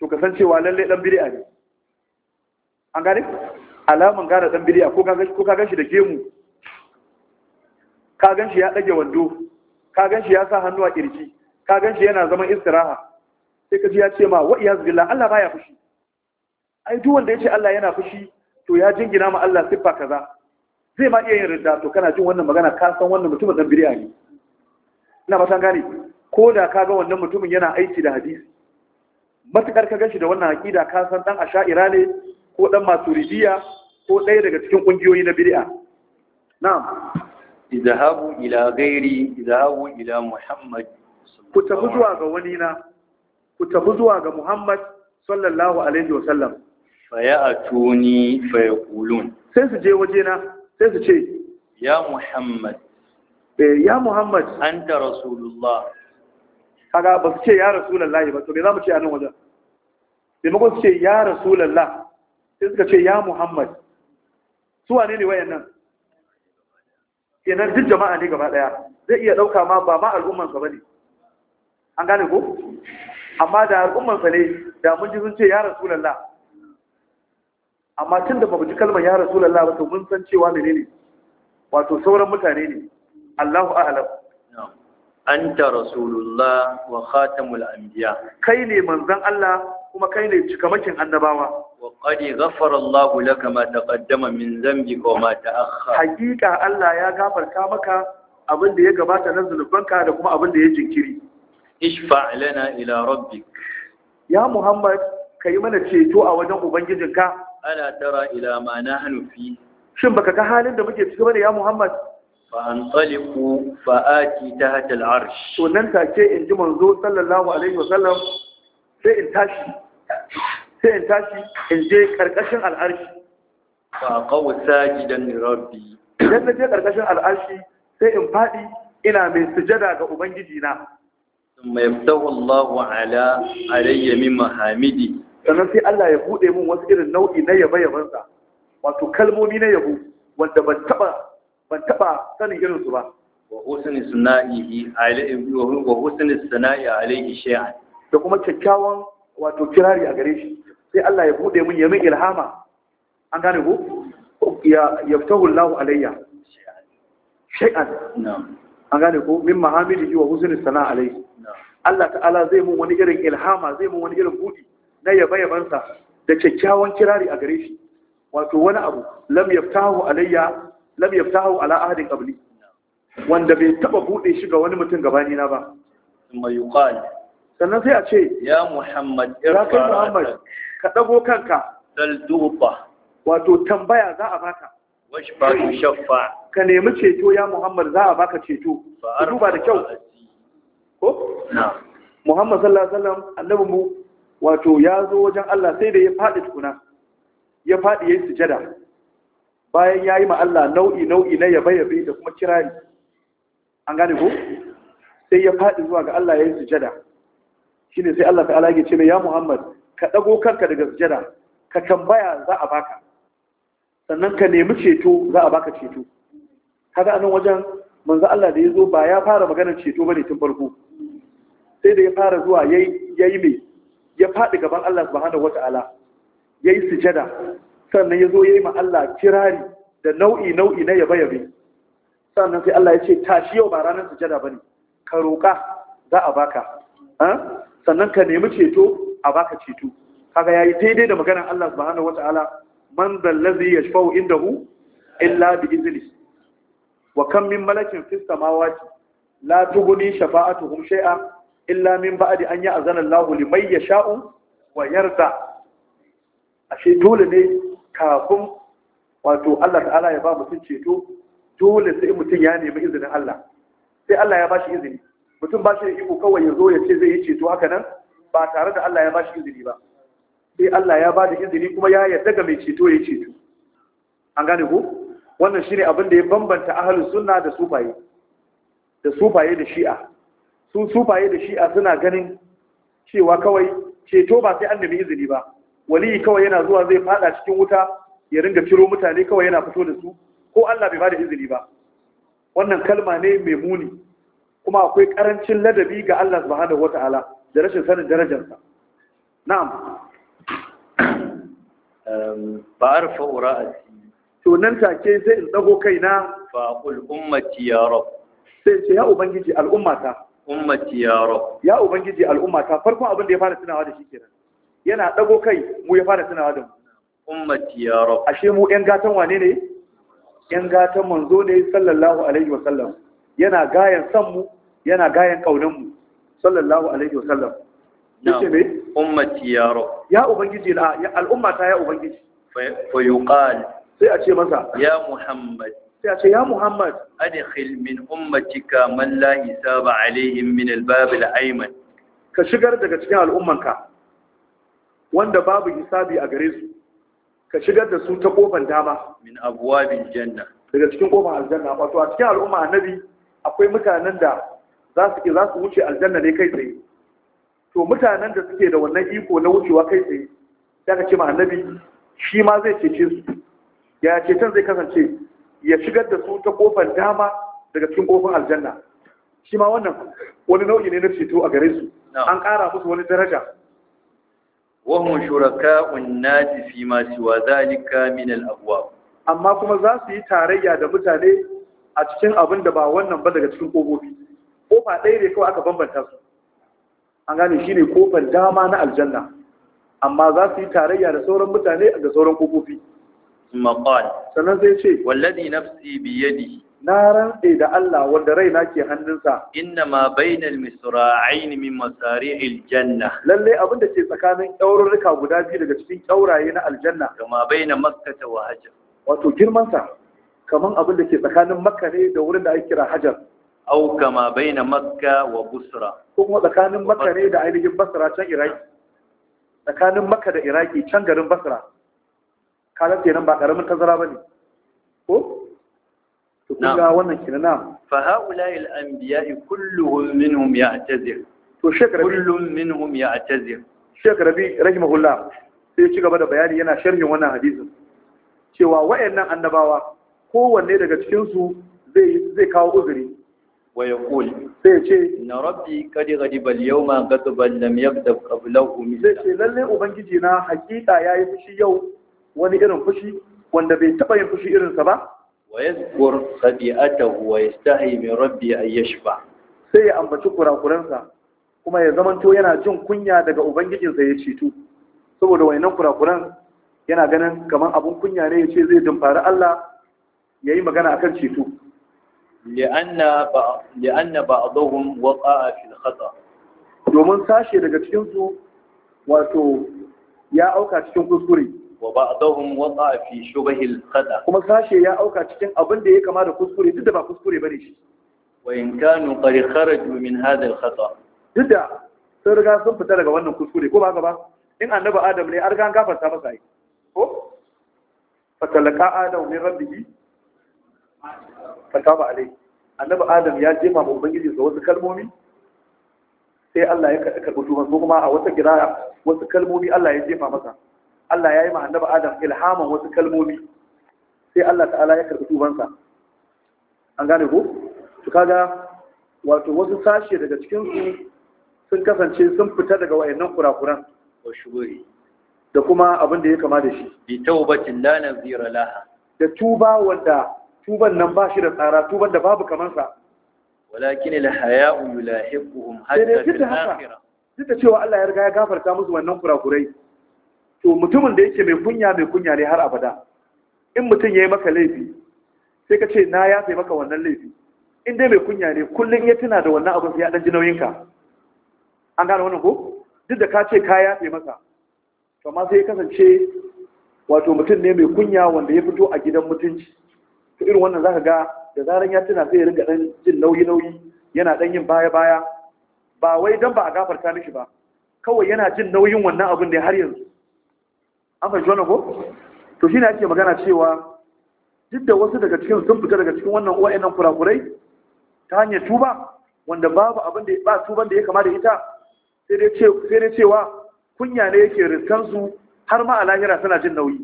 to ka san cewa lalle dan a ne an gane alamun gane dan bid'a ko ka ganshi da gemu ka ganshi ya dage wando ka ganshi ya sa hannu a kirji ka ganshi yana zaman istiraha sai ka ji ya ce ma wa iyaz billah Allah baya fushi ai duk wanda ce Allah yana fushi to ya jingina ma Allah siffa kaza zai ma iya yin rinda to kana jin wannan magana ka san wannan mutumin dan bid'a ne ina ba san gane ko da ka ga wannan mutumin yana aiki da hadisi matukar ka gashi da wannan aqida ka san dan asha'ira ne ko dan maturidiya ko ɗaya daga cikin kungiyoyi na bid'a na'am idhabu ila ghairi idhabu ila muhammad ku tafi zuwa ga wani na ku tafi zuwa ga muhammad sallallahu alaihi wasallam fa ya'tuni fa yaqulun sai su je wajena sai su ce ya muhammad eh ya muhammad An ta rasulullah kaga ba su ce ya rasulullah ba to me za mu ce a nan wajen maimakon su ce ya rasulallah sai suka ce ya muhammad su wane ne wayan nan yanar duk jama'a ne gaba daya zai iya dauka ma ba ma al'ummansa ba ne an gane ko amma da al'ummansa ne da mun ji sun ce ya rasulallah amma tun da ba ji kalmar ya rasulullah ba to mun san cewa menene wato sauran mutane ne Allahu An anta rasulullah wa khatamul anbiya kai ne manzon Allah kuma kai ne cikamakin annabawa wa qad ghafara Allah laka ma taqaddama min dhanbika wa ma ta'akhkhara hakika Allah ya gafarta maka abin da ya gabata na zunubanka da kuma abin da ya jinkiri ishfa' lana ila rabbik ya Muhammad kai mana ceto a wajen ubangijinka Ana tara ila ma nahnu fi shin baka ga halin da muke ciki bane ya Muhammad fa antaliqu fa ati tahta al-arsh to nan take in ji manzo sallallahu alaihi wasallam sai in tashi sai in tashi in je karkashin al-arsh fa qawu sajidan li rabbi idan na je karkashin al-arsh sai in fadi ina mai sujada ga ubangiji na ثم يفتح الله على علي من محامده sannan sai Allah ya buɗe mun wasu irin nau'i na yabe-yabensa wato kalmomi na yabo wanda ban taɓa ban taɓa sanin irinsu ba wa husni sana'ihi alayhi wa husni sana'i alayhi shay'an da kuma kyakkyawan wato kirari a gare shi sai Allah ya buɗe mun ya ilhama an gane ko ya yaftahu Allahu alayya shay'an an gane ko min mahamidihi wa husni sana'i alayhi Allah ta'ala zai mun wani irin ilhama zai mun wani irin buɗi na yabayabansa da kyakkyawan kirari a gare shi wato wani abu lam yaftahu alayya lam yaftahu ala qabli wanda bai taba bude shi ga wani mutum gabani na ba mai yuqal sannan sai a ce ya muhammad irfa kai muhammad ka dago kanka dal duba wato tambaya za a baka ba shaffa ka nemi ceto ya muhammad za a baka ceto duba da kyau ko na muhammad sallallahu alaihi wasallam annabi mu wato ya zo wajen Allah sai da ya faɗi tukuna ya faɗi ya yi sujada bayan ya yi ma Allah nau'i nau'i na yabe-yabe da kuma kirari an gane ko sai ya faɗi zuwa ga Allah ya yi sujada shi ne sai Allah ta ya ce mai ya Muhammad ka ɗago kanka daga sujada ka tambaya za a baka sannan ka nemi ceto za a baka ceto kaga anan wajen manzo Allah da ya zo ba ya fara maganar ceto bane tun farko sai da ya fara zuwa yayi yayi mai ya faɗi gaban Allah subhanahu wata'ala yayi sujada sannan yazo yayi ma Allah kirari da nau'i nau'i na yabe-yabe sannan sai Allah ya ce tashi yau ba ranar sujada ba ne. ka roƙa za a baka sannan ka nemi ceto a baka ceto kaga yayi daidai da maganar Allah subhanahu wata'ala man dallazi yashfa'u indahu illa bi iznihi wa kam min malakin fis samawati la tughni shafa'atuhum shay'a illa min ba'di an ya azana Allahu liman yasha'u wa yarda ashe dole ne kafin wato Allah ta'ala ya ba mutum ceto dole sai mutum ya nemi izinin Allah sai Allah ya ba shi izini mutum ba shi da iko kawai ya zo ya ce zai yi ceto haka nan ba tare da Allah ya ba shi izini ba sai Allah ya ba da izini kuma ya yarda ga mai ceto ya ceto an gane ko wannan shine abin da ya bambanta ahlus sunna da sufaye da sufaye da shi'a su sufaye da shi a suna ganin cewa kawai ceto ba sai an izini ba waliyi kawai yana zuwa zai fada cikin wuta ya ringa ciro mutane kawai yana fito da su ko Allah bai bada izini ba wannan kalma ne mai muni kuma akwai karancin ladabi ga Allah subhanahu wata'ala da rashin sanin darajarsa na'am ba arfa to nan take sai in dago kaina fa qul ummati ya rab sai ce ya ubangiji al'ummata ummati ya rab ya ubangiji al'umma ta farkon abin da ya fara tunawa da shi kenan yana dago kai mu ya fara tunawa da mu ummati ya rab ashe mu yan gatan wane ne yan gatan manzo ne sallallahu alaihi wa sallam yana gayan san mu yana gayan kaunan mu sallallahu alaihi wa sallam yace me ummati ya rab ya ubangiji al'umma ta ya ubangiji fa yuqal sai a ce masa ya muhammad sai ce ya muhammad adkhil min ummatika man la hisaba alaihim min albab alayman ka shigar daga cikin al'ummanka wanda babu hisabi a gare su ka shigar da su ta kofar dama min abwabil janna daga cikin kofar aljanna wato a cikin al'umma annabi akwai mutanen da za su za su wuce aljanna ne kai tsaye to mutanen da suke da wannan iko na wucewa kai tsaye sai ka ce ma annabi shi ma zai cece su ya cecen zai kasance ya shigar da su ta kofar dama daga cikin kofar aljanna shi ma wannan wani nau'i ne na ceto a gare su an ƙara musu wani daraja hum shuraka'un nati fi ma siwa zalika min al-abwab amma kuma za su yi tarayya da mutane a cikin abin da ba wannan ba daga cikin kofofi kofa ɗaya ne kawai aka bambanta su an gane shi ne kofar dama na aljanna amma za su yi tarayya da sauran mutane da sauran kofofi zai ce. سنزيشي والذي نفسي بيده na rantse da Allah wanda raina ke hannunsa innama bainal misra'ain min masari'il janna lalle abin da ke tsakanin kyaururruka guda biyu daga cikin kyauraye na aljanna kama baina makkata wa hajar wato girman sa kaman abin da ke tsakanin makka ne da wurin da ake kira hajar aw kama baina makka wa busra ko kuma tsakanin makka ne da ainihin basra can iraki tsakanin makka da iraki can garin basra kaga kenan ba karamin tazara bane ko to kunga wannan kenan na fa haula'il anbiya'i kulluhum minhum ya'tazir to shekara kullum minhum ya'tazir shekara bi rahimahullah sai ci gaba da bayani yana sharhin wannan hadisin cewa wayannan annabawa kowanne daga cikin su zai zai kawo uzuri wa kuli sai ya ce na rabbi kad ghadiba al-yawma bal lam yabda qablahu min sai ce lalle ubangiji na hakika yayi fushi yau wani irin fushi wanda bai taba yin fushi irinsa ba wa yazkur sabi'atahu wa yastahi min rabbi an yashfa sai ya ambaci kurakuransa kuma ya to yana jin kunya daga ubangijinsa ya ceto saboda wayannan kurakuran yana ganin kamar abun kunya ne ya ce zai dumfari Allah yayi magana akan ceto li'anna ba'dhum waqa'a fil khata domin sashe daga cikin su wato ya auka cikin kuskure wa ba'dahum waqa'a fi shubhi al-khata kuma sashe ya auka cikin abin da ya kama da kuskure duk da ba kuskure bane shi wa in kanu qad kharaju min hadha al-khata duk da sun riga sun fita daga wannan kuskure ko ba haka ba in annabi adam ne argan gafarta masa yi ko fatalaka adam min rabbihi fataba alai annabi adam ya jefa ma ubangiji da wasu kalmomi sai Allah ya karɓi tuban ko kuma a wata kira wasu kalmomi Allah ya jefa masa Allah ya yi ma annaba Adam ilhaman wasu kalmomi sai Allah ta'ala ya karɓi tubansa an gane ko to kaga wato wasu sashe daga cikin su sun kasance sun fita daga wayannan kurakuran wa shuburi da kuma abin da ya kama da shi bi taubatin la nazira laha da tuba wanda tuban nan ba shi da tsara tuban da babu kamar sa walakin al haya'u yulahiquhum hatta fil akhirah duk da cewa Allah ya riga ya gafarta musu wannan kurakurai to mutumin da yake mai kunya mai kunya ne har abada in mutum ya yi maka laifi sai ka ce na yafe maka wannan laifi in dai mai kunya ne kullum ya tuna da wannan abin sai ya dan ji nauyinka an gane wannan ko duk da ka ce ka yafe maka to ma sai ya kasance wato mutum ne mai kunya wanda ya fito a gidan mutunci to irin wannan zaka ga da zaran ya tuna sai ya riga dan jin nauyi nauyi yana dan yin baya baya ba wai dan ba a gafarta mishi ba kawai yana jin nauyin wannan abin da har yanzu an jona wannan ko to shi ne ake magana cewa duk da wasu daga cikin sun fita daga cikin wannan uwa nan kurakurai ta hanyar tuba wanda babu abin da ba tuban da ya kama da ita sai dai cewa kunya ne yake riskan su har ma a lahira suna jin nauyi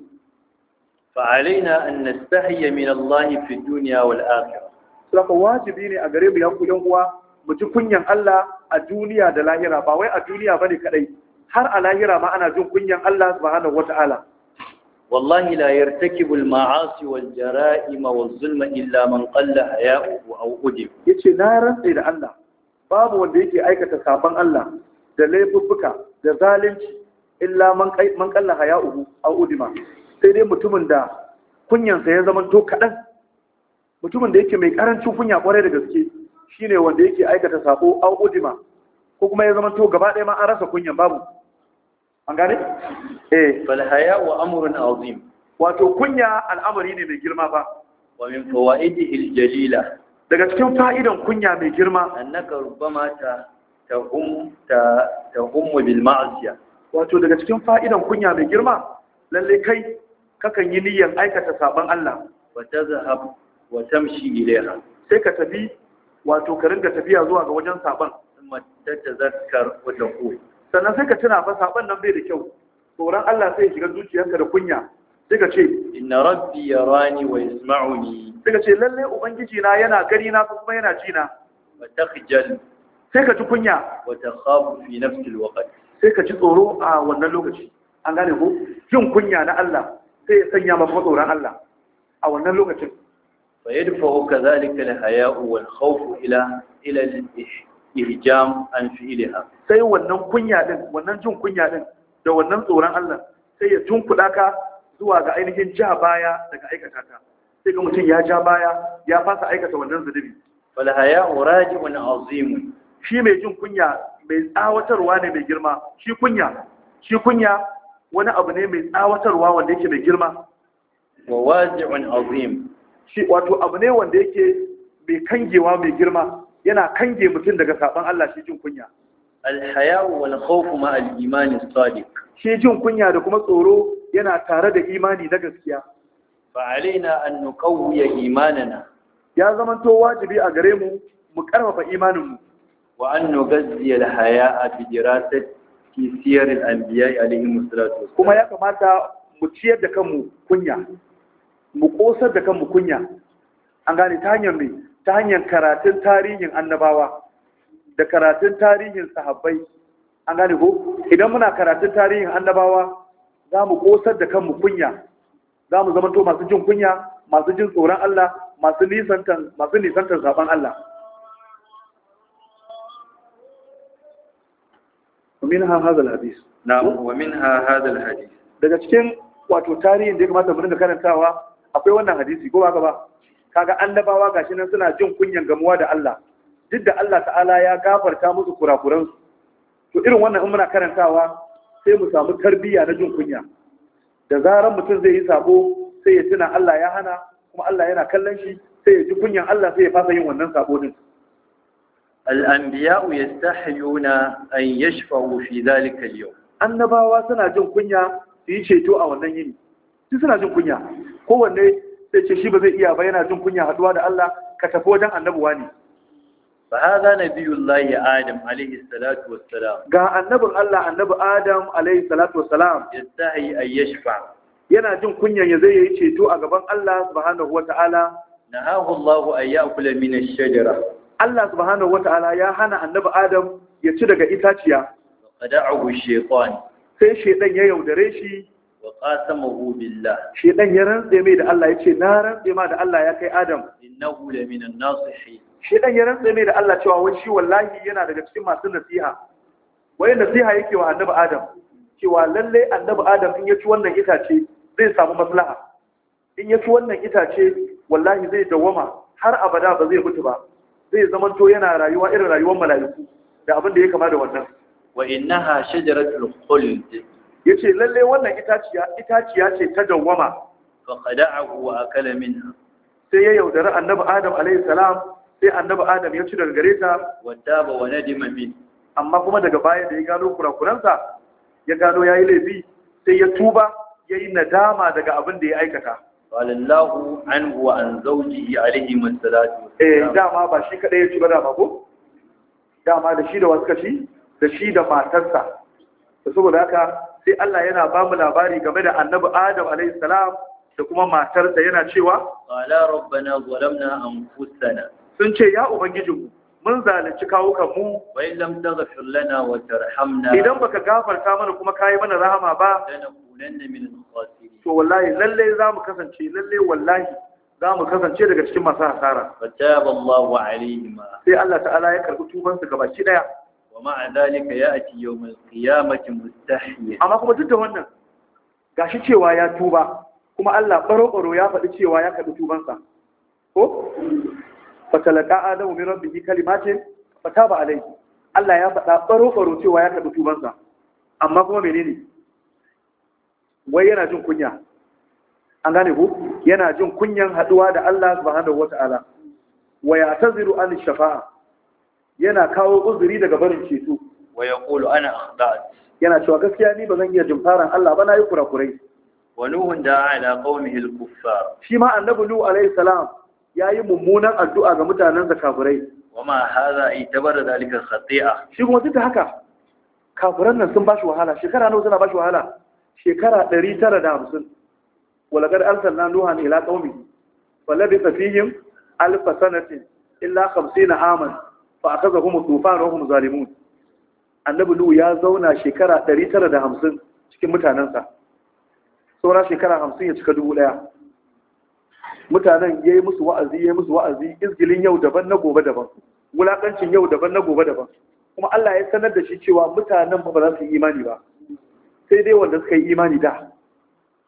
fa'alaina an nastahiya min Allah fi dunya wal akhirah saka wajibi ne a gare mu yan uwa mu ji kunyan Allah a duniya da lahira ba wai a duniya bane kadai har a lahira ma ana jin kunyan Allah subhanahu wata'ala wallahi la yartakibu al-ma'asi wal jara'im wal zulma illa man qalla haya'uhu aw udib yace na rantsa da Allah babu wanda yake aikata saban Allah da laifuffuka da zalunci illa man man qalla haya'uhu aw udima sai dai mutumin da sa ya zama to kadan mutumin da yake mai karancin kunya kwarai da gaske shine wanda yake aikata sabo aw udima ko kuma ya zama to gaba ɗaya ma an rasa kunyan babu an gane eh bal wa amurin azim wato kunya al'amari ne mai girma ba wa min fawaidihi aljalila daga cikin fa'idan kunya mai girma annaka rubbama ta tahum ta tahum bil ma'siya wato daga cikin fa'idan kunya mai girma lalle kai kakan yi niyyar aikata saban Allah wa tazhab wa tamshi ilayha sai ka tafi wato ka ringa tafiya zuwa ga wajen saban kuma ta tazakkar wa taqul sannan sai ka tuna fa saban nan bai da kyau tsoron Allah sai ya shiga zuciyarka da kunya sai ka ce inna rabbi yarani wa yasma'uni sai ka ce lalle ubangiji na yana gani na kuma yana ji na wa takhjal sai ka ji kunya wa takhafu fi nafsi alwaqt sai ka ji tsoro a wannan lokaci an gane ko jin kunya na Allah sai ya sanya maka tsoron Allah a wannan lokacin fa yadfa kadhalika alhaya'u wal khawfu ila ila al-ish irjam an fi'liha sai wannan kunya din wannan jin kunya din da wannan tsoron Allah sai ya tunkuda ka zuwa ga ainihin ja baya daga aikata ta sai ga mutum ya ja baya ya fasa aikata wannan zunubi wal haya urajibun azim shi mai jin kunya mai tsawatarwa ne mai girma shi kunya shi kunya wani abu ne mai tsawatarwa wanda yake mai girma wa waji'un azim shi wato abu ne wanda yake mai kangewa mai girma yana kange mutum daga saban Allah shi jin kunya alhayau wal khawfu ma al iman sadiq shi jin kunya da kuma tsoro yana tare da imani na gaskiya fa alaina an nuqawwiya imanana ya zama to wajibi a gare mu mu karfafa imanin mu wa an nugazzi al haya'a fi dirasati siyar al anbiya alaihi musallatu kuma ya kamata mu ciyar da kanmu kunya mu kosar da kanmu kunya an gane ta hanyar mai ta hanyar karatun tarihin annabawa da karatun tarihin sahabbai an gane ko idan muna karatun tarihin annabawa za mu kosar da kanmu kunya za mu zama to masu jin kunya masu jin tsoron Allah masu nisantar masu nisantar zaben Allah ومنها هذا الحديث نعم ومنها هذا الحديث daga cikin wato tarihin da ya kamata mu dinga karantawa akwai wannan hadisi ko ba ka ba kaga annabawa gashi nan suna jin kunyan gamuwa da Allah duk da Allah ta'ala ya gafarta musu su, to irin wannan in muna karantawa sai mu samu tarbiyya na jin kunya da zaran mutum zai yi sabo sai ya tuna Allah ya hana kuma Allah yana kallon shi sai ya ji kunyan Allah sai ya fasa yin wannan sabo din al-anbiya'u yastahiyuna an yashfa'u fi dhalika al-yawm annabawa suna jin kunya su yi ceto a wannan yini su suna jin kunya kowanne sai ce shi ba zai iya ba yana jin kunya haduwa da Allah ka tafi wajen annabuwa ne fa hadha nabiyullahi adam alayhi salatu wassalam ga annabin Allah annabi adam alayhi salatu wassalam yastahi ay yashfa yana jin kunyan ya zai yi ceto a gaban Allah subhanahu wataala nahahu Allah ay ya'kula min ash-shajara Allah subhanahu wataala ya hana annabi adam ya ci daga itaciya fada'ahu shaytan sai shaytan ya yaudare shi wa qasamahu billah shedan ya rantse mai da Allah yace na rantse ma da Allah ya kai Adam innahu la minan nasihin shedan ya rantse mai da Allah cewa wai shi wallahi yana daga cikin masu nasiha wai nasiha yake wa annabi Adam cewa lalle annabi Adam in ya ci wannan itace zai samu maslaha in ya ci wannan itace wallahi zai dawama har abada ba zai mutu ba zai to yana rayuwa irin rayuwar mala'iku da abin da ya kama da wannan wa innaha shajaratul khuld yace lalle wannan itaciya itaciya ce ta dawwama fa qada'ahu wa akala minha sai ya yaudari annabi adam alayhi salam sai annabi adam ya ci daga gare ta wadda ba wa nadima min amma kuma daga baya da ya gano kurakuransa ya gano yayi laifi sai ya tuba yayi nadama daga abin da ya aikata wallahu anhu wa an zawjihi alayhi masallatu eh dama ba shi kadai ya ci ba ko dama da shi da wasu kashi da shi da matarsa saboda haka sai Allah yana ba mu labari game da annabi Adam alaihi da kuma matarsa yana cewa qala rabbana zalamna anfusana sun ce ya ubangijinmu mun zalunci kawukan mu wa illam taghfir lana wa tarhamna idan baka gafarta mana kuma kai mana rahama ba lanakunanna min al-khasirin to wallahi lalle zamu kasance lalle wallahi zamu kasance daga cikin masu hasara fataba Allahu alaihima sai Allah ta'ala ya karbi tubansu su gabaki daya wa ma'a zalika ya'ti yawmal qiyamati mustahyi amma kuma duk da wannan gashi cewa ya tuba kuma Allah baro ya faɗi cewa ya kaɗi tubansa ko fatalaka adamu min rabbihi kalimatin fataba alayhi Allah ya faɗa baro cewa ya kaɗi tubansa amma kuma menene wai yana jin kunya an gane ku yana jin kunyan haɗuwa da Allah subhanahu wata'ala wa ya'taziru an shafa'a yana kawo uzuri daga barin ceto wa yaqulu ana akhda'at yana cewa gaskiya ni ba zan iya jin jimfaran Allah ba na yi kurakurai wa nuhun da'a ila qaumihi al-kuffar shi ma annabi nuh alayhi salam yayi mummunan addu'a ga mutanen sa kafirai wama hadha itabara zalika khati'a shi kuma duk da haka kafiran nan sun bashi wahala shekara nawa suna bashi wahala shekara 950 walaqad arsalna nuhan ila qaumi falabitha fihim alf sanatin illa 50 aman fa akaza hum tufan wa hum zalimun annabi lu ya zauna shekara 950 cikin mutanansa saura shekara 50 ya cika dubu daya mutanen yayi musu wa'azi yayi musu wa'azi izgilin yau daban na gobe daban wulakancin yau daban na gobe daban kuma Allah ya sanar da shi cewa mutanen ba za su yi imani ba sai dai wanda suka yi imani da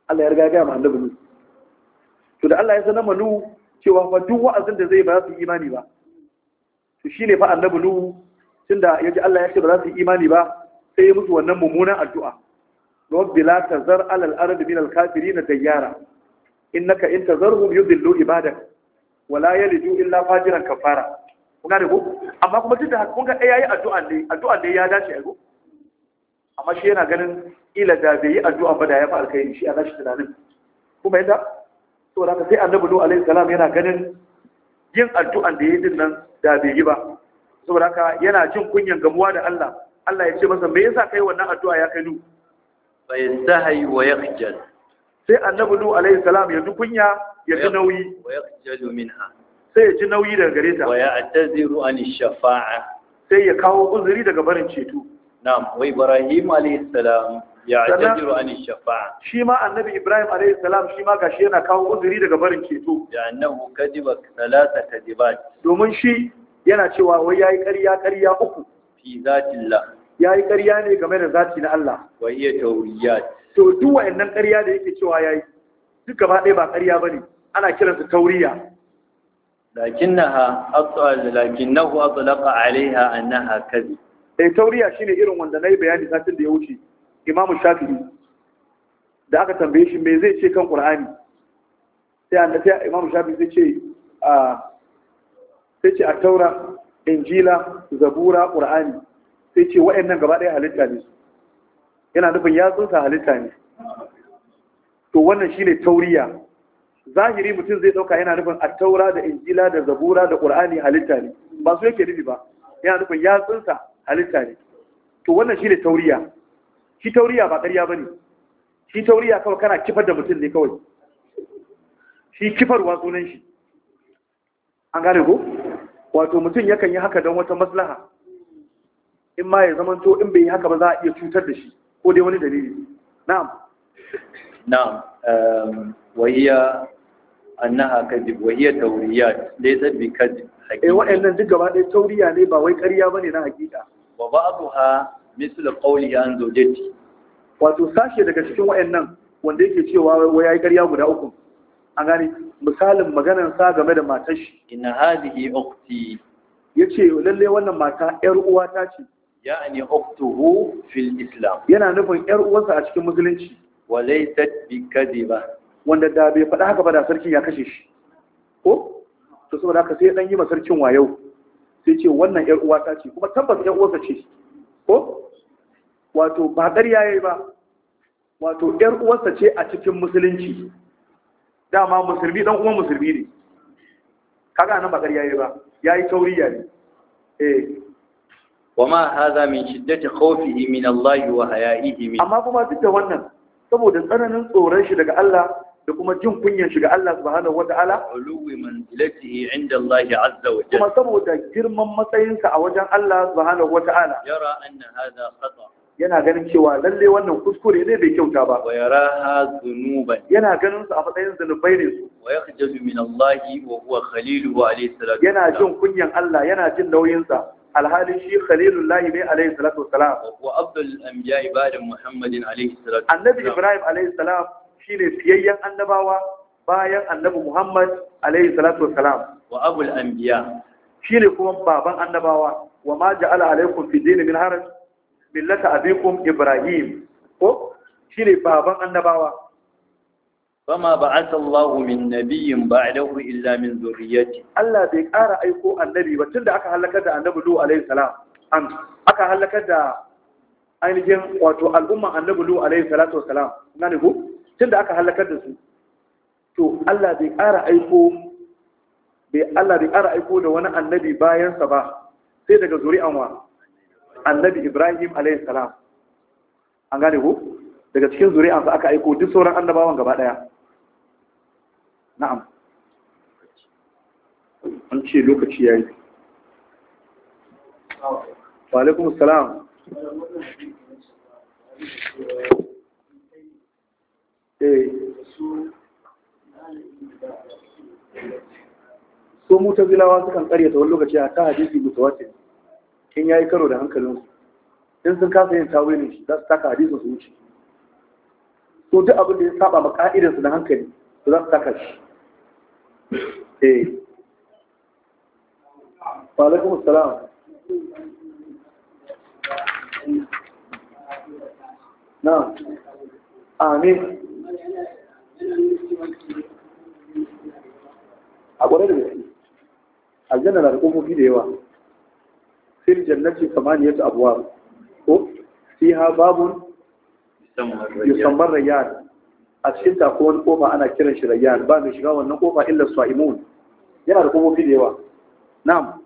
Allah ya riga ga mu annabi to da Allah ya sanar manu cewa fa duk wa'azin da zai ba za su yi imani ba to shine fa annabi nuhu tunda yaji Allah ya ce ba za su yi imani ba sai ya musu wannan mummunan addu'a rabbi la tazar alal ardi min al kafirin dayyara innaka in tazarhum yudillu ibadak wala ya yalidu illa fajiran kafara kun gane ko amma kuma tunda kun ga ɗaya yayi addu'a ne addu'a ne ya dace ai ko amma shi yana ganin ila da bai yi addu'a ba da ya fa alkhairi shi a nashi tunanin kuma yanda saboda haka sai annabi nuhu alaihi salam yana ganin yin addu'an da yayi din nan da bai yi ba saboda haka yana jin kunyan gamuwa da Allah Allah ya ce masa me yasa kai wannan addu'a ya kai nu fa yastahi wa yakhjal sai annabi nu alaihi salam ya ji kunya ya ji nauyi wa yakhjal minha sai ya ji nauyi daga gare ta wa ya'taziru an shafa'a sai ya kawo uzuri daga barin ceto na'am wa ibrahim alayhi salam ya ajajiru an shafa'a shi ma annabi ibrahim alayhi salam shi ma gashi yana kawo uzuri daga barin ceto ya annahu kadiba salata kadibat domin shi yana cewa wai yayi ƙarya ƙarya uku fi zatillah yayi ƙarya ne game da zati na Allah wa iya tawriyat to duk wayannan ƙarya da yake cewa yayi duk gaba ɗaya ba ƙarya bane ana kiransu tauriya lakinnaha atla lakinnahu atlaqa alaiha annaha kadhib eh tauriya shi ne irin wanda na yi bayani satin da ya wuce imamu shafi'i da aka tambaye shi me zai ce kan qur'ani sai an sai imamu shafi'i zai ce a sai ce a taura injila zabura qur'ani sai ce wa'annan gaba ɗaya halitta ne yana nufin ya tsunta halitta ne to wannan shi ne tauriya zahiri mutum zai ɗauka yana nufin a taura da injila da zabura da qur'ani halitta ne ba su yake nufi ba yana nufin ya tsunta halitta ne to wannan shi ne tauriya shi tauriya ba ƙarya ba ne shi tauriya kawai kana kifar da mutum ne kawai shi kifarwa sunan shi an gane ko wato mutum yakan yi haka don wata maslaha in ma ya zamanto in bai yi haka ba za a iya cutar da shi ko dai wani dalili na'am na'am wahiya annaha kadhib wahiya tauriya laysa bi kadhib eh wa'annan duk gaba ɗaya tauriya ne ba wai ƙarya bane na hakika wa ba'daha mislu qawli an zawjati wato sashe daga cikin wayannan wanda yake cewa wai yayi ƙarya guda uku an gani. misalin maganar sa game da matar shi inna hadhihi ukhti yace lalle wannan mata yar uwata ce ya'ni ukhtuhu fil islam yana nufin yar uwarsa a cikin musulunci wa laysat bi kadiba wanda da bai faɗa haka ba da sarkin ya kashe shi ko to saboda haka sai dan yi ma wayo sai ce wannan yar uwata ce kuma tabbas yar uwarsa ce ko wato ba ƙarya yi ba wato yar uwarsa ce a cikin musulunci dama musulmi ɗan kuma musulmi ne kaga nan ba ƙarya yi ba Ya yayi tauriya ne eh wama hadha min shiddati khawfihi min Allah wa haya'ihi min amma kuma duk da wannan saboda tsananin tsoron shi daga Allah da kuma jin kunyan shiga Allah subhanahu wata'ala uluwi manzilatihi inda Allah azza wa jalla kuma saboda girman matsayinsa a wajen Allah subhanahu wata'ala yara anna hadha khata yana ganin cewa lalle wannan kuskure ne bai kyauta ba wa yaraha dhunuban yana ganin su a matsayin zunubai ne su wa yakhjalu min Allah wa huwa khaliluhu alayhi salatu yana jin kunyan Allah yana jin nauyin sa alhalin shi khalilullahi ne alayhi salatu wassalam wa abdul anbiya ibadan muhammadin alayhi salatu annabi ibrahim alayhi salam Shi ne siyayyen annabawa bayan annabi Muhammad alaihi salatu wa salam. wa abul anbiya ne kuma baban annabawa wa ma ja'ala alaikum fi dini min haraj millata abikum ibrahim ko shi ne baban annabawa fama ba'atha Allah min nabiyyin ba'dahu illa min zurriyyati Allah bai ƙara aiko annabi ba tunda aka halakar da annabi Nuh alaihi salam an aka halakar da ainihin wato al'umma annabi Nuh alaihi salatu wassalam ngani ku tun da aka halakar da su to Allah bai ƙara aiko bai Allah bai ƙara aiko da wani annabi bayansa ba sai daga zuri'an wa annabi Ibrahim alayhi salam an gane ku daga cikin zuri'ansa aka aiko duk sauran annabawan gaba daya na'am an ce lokaci yayi wa alaikum assalam Eh, so mutazilawa kan karyata wani lokaci a ta hadisi wace, in ya yi karo da hankalinsu in sun kasa yin tawilin shi za su taka hadisin su wuce so duk abin da ya saba ma ka'idarsu na hankali su za su taka shi eh wa alaikum na amin a ƙwarar da gaske aljanna na da ƙofofi da yawa fil jannati samaniyatu abwab ko fiha babun yusamman rayyan a cikin ta wani ana kiran shi rayyan ba mai shiga wannan koma illa sa'imun yana da kuma da yawa na'am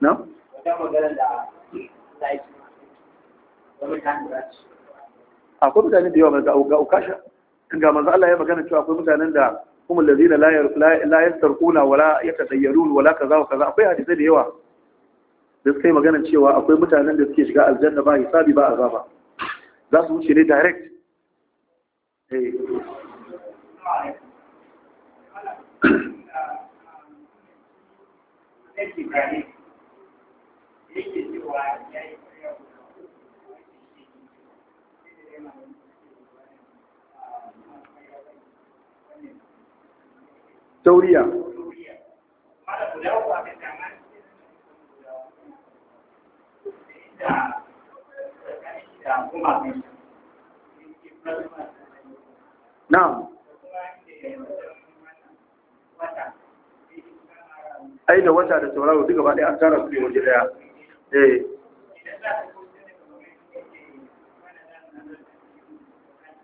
na'am akwai mutane da yawa ga ukasha ga manzo Allah ya magana cewa akwai mutanen da kuma lazina la yastarquna wala yatadayyarun wala kaza wa kaza akwai hadisi da yawa da suka yi magana cewa akwai mutanen da suke shiga aljanna ba hisabi ba azaba za su wuce ne direct eh. tauriya na'am ai da wata da tauraro duka baɗi an tara su ne waje ɗaya, eh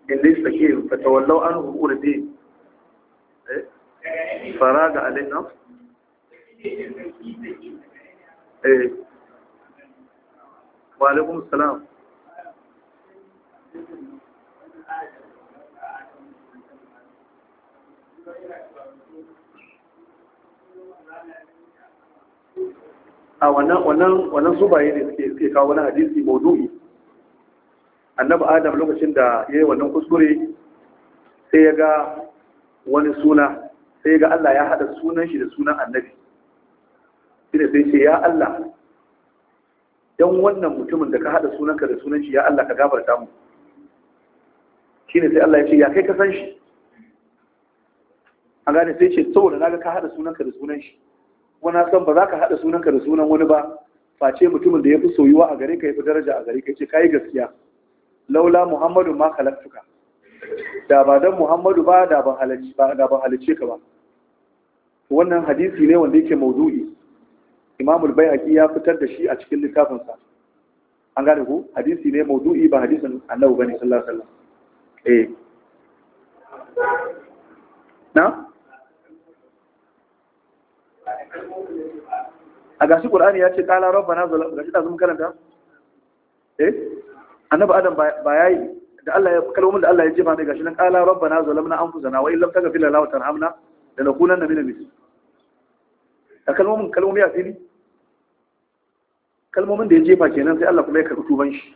in lissa ke fatawallau an hukuri faraga علينا ايه eh. wa السلام salam a wannan zubaye ne suke kawo wani hadisi maudu'i annabi adam lokacin da ya yi wannan kuskure sai ya ga wani suna sai ga Allah ya haɗa sunan shi da sunan annabi shine sai ce ya Allah dan wannan mutumin da ka haɗa sunanka da sunan shi ya Allah ka gafarta mu shine sai Allah ya ce ya kai ka san shi an gane sai ce saboda naga ka haɗa sunanka da sunan shi kuma na san ba za ka haɗa sunanka da sunan wani ba face mutumin da ya fi soyuwa a gare ka ya fi daraja a gare ka ce ka yi gaskiya laula muhammadu ma kalaktuka da ba don muhammadu ba da ban halarci ka ba wannan hadisi ne wanda yake maudu'i imamul bai ya fitar da shi a cikin littafinsa an gane ku hadisi ne maudu'i ba hadisin annabu ba ne sallallahu alaihi eh na a gashi ƙul'ani ya ce ƙala rabba na zala gashi zama karanta eh annabu adam ba ya yi da Allah ya kalmomin da Allah ya jefa mai gashi nan qala rabbana zalamna anfusana wa illam taghfir lana wa tarhamna lanakunanna minal mujrimin da kalmomin kalmomi asiri kalmomin da ya jefa kenan sai Allah kuma ya karbi tuban shi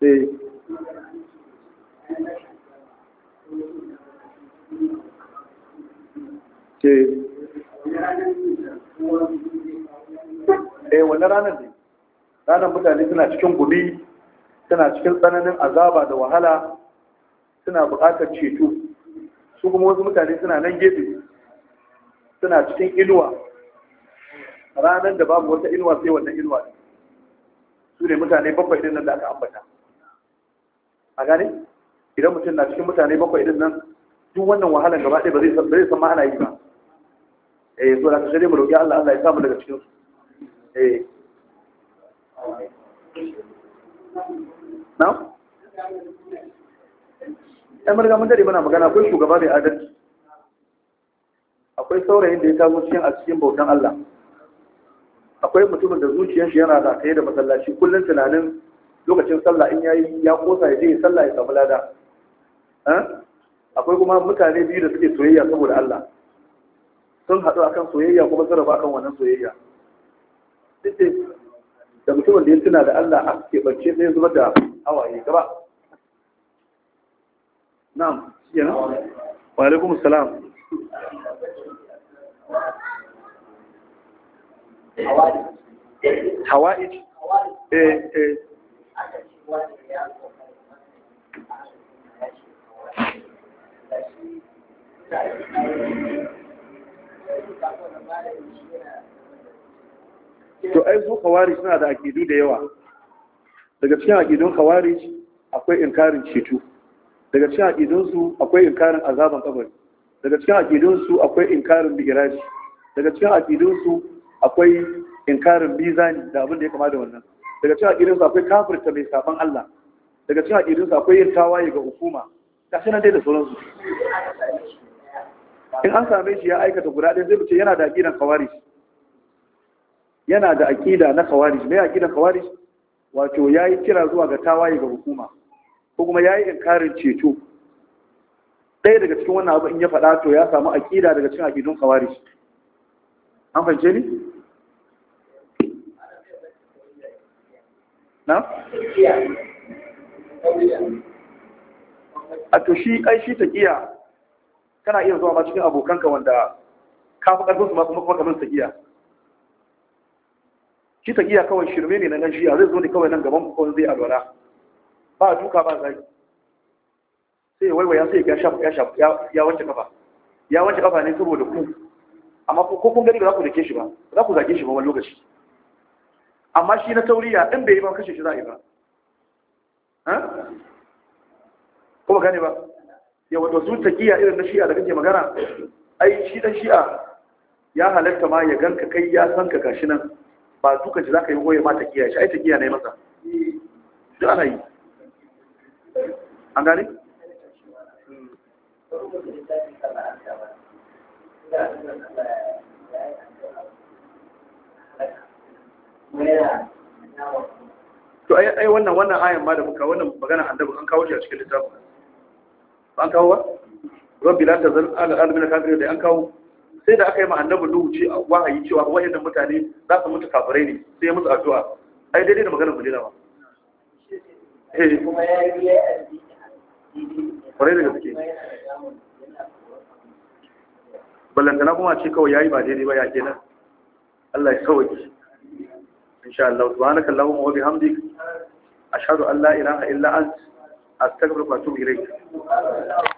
eh ce eh. eh wannan ranar ne ranar mutane suna cikin gumi suna cikin tsananin azaba da wahala suna buƙatar ceto su kuma wasu mutane suna nan gefe suna cikin inuwa ranar da babu wata inuwa sai wannan inuwa su ne mutane bakwai idan nan da aka ambata a gane idan mutum na cikin mutane bakwai idan nan duk wannan wahalan gaba ɗaya ba zai san ma ana yi ba eh so da ka shirya mu roƙi Allah Allah ya samu daga cikin su eh na? ɗan marga mun dare mana magana akwai shugaba mai adalci akwai saurayin da ya taso cikin a cikin bautan Allah akwai mutumin da zuciyar yana da kai da masallaci kullum tunanin lokacin sallah in yayi ya kosa ya je ya sallah ya samu lada akwai kuma mutane biyu da suke soyayya saboda Allah sun haɗu akan soyayya kuma sarrafa akan wannan soyayya da mutumin da ya tuna da Allah a keɓance sai zuba da hawaye gaba na'am yana wa alaikum salam hawaii eh eh Thank you. to ai su kawari suna da akidu da yawa daga cikin akidun kawari akwai inkarin ceto daga cikin su akwai inkarin azaban kabari daga cikin su akwai inkarin bigiraji daga cikin su akwai inkarin bizani da abin da ya kama da wannan daga cikin su akwai kafirta mai saban Allah daga cikin su akwai yin tawaye ga hukuma ta shi nan dai da su in an same shi ya aikata guda ɗaya zai fice yana da akidan kawari yana da aƙida na khawarij mai aƙida khawarij wato ya yi kira zuwa ga tawaye ga hukuma ko kuma ya yi inkarin ceto ɗaya daga cikin wannan abu in ya faɗa to ya samu aƙida daga cikin aƙidun khawarij an fahimce ni na a to shi ai shi taqiya kana iya zuwa ma cikin abokanka wanda ka fi ƙarfin su ma kuma kamar shi ta giya kawai shirme ne na nan shi zai zo ne kawai nan gaban kawai zai alwala ba a duka ba zai sai ya waiwaya sai ya shafa ya shafa ya wanke kafa ya wanke kafa ne saboda ku amma ko kun gani ba za ku dake shi ba za ku zage shi ba wani lokaci amma shi na tauriya in bai yi ba kashe shi za a yi ba kuma gane ba yawa da su kiya irin na shi'a da kake magana ai shi dan shi'a ya halatta ma ya ganka kai ya san ka gashi nan ba duka ji za ka yi goye ma ta kiyaye shi ai ta na ne masa duk ana yi an gani? to ai wannan wannan ayan ma da muka wannan magana annabi an kawo shi a cikin littafin an kawo ba rabbi la tazal al-ardi min kafirin da an kawo sai da aka yi ma annabi nuhu ce wahayi cewa wayannan mutane za su mutu kafirai ne sai ya musu addu'a ai daidai da maganar ku ba dama eh. kuma ya yi kwarai da gaske ballantana kuma ce kawai yayi ba daidai ba ya kenan Allah ya sauke insha Allah kuma wabi hamdi a shaɗu allah ina ilaha illa ant astaghfiruka wa atubu ilayk